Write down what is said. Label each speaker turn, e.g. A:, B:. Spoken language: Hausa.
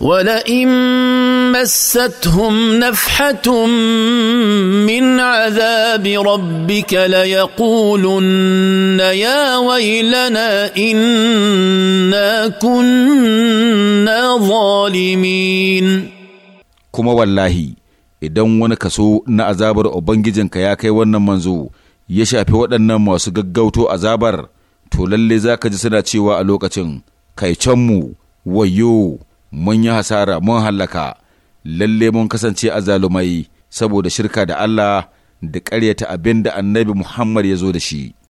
A: ولئن مستهم نفحة من عذاب ربك ليقولن يا ويلنا إنا كنا
B: ظالمين كما والله idan wani kaso na azabar Ubangijinka ya kai wannan manzo ya shafi waɗannan masu gaggauto azabar, to lalle za ka ji suna cewa a lokacin, kai canmu, wayo! mun yi hasara mun hallaka lalle mun kasance a zalumai saboda shirka da Allah da ƙaryata abin da annabi Muhammad ya zo da shi.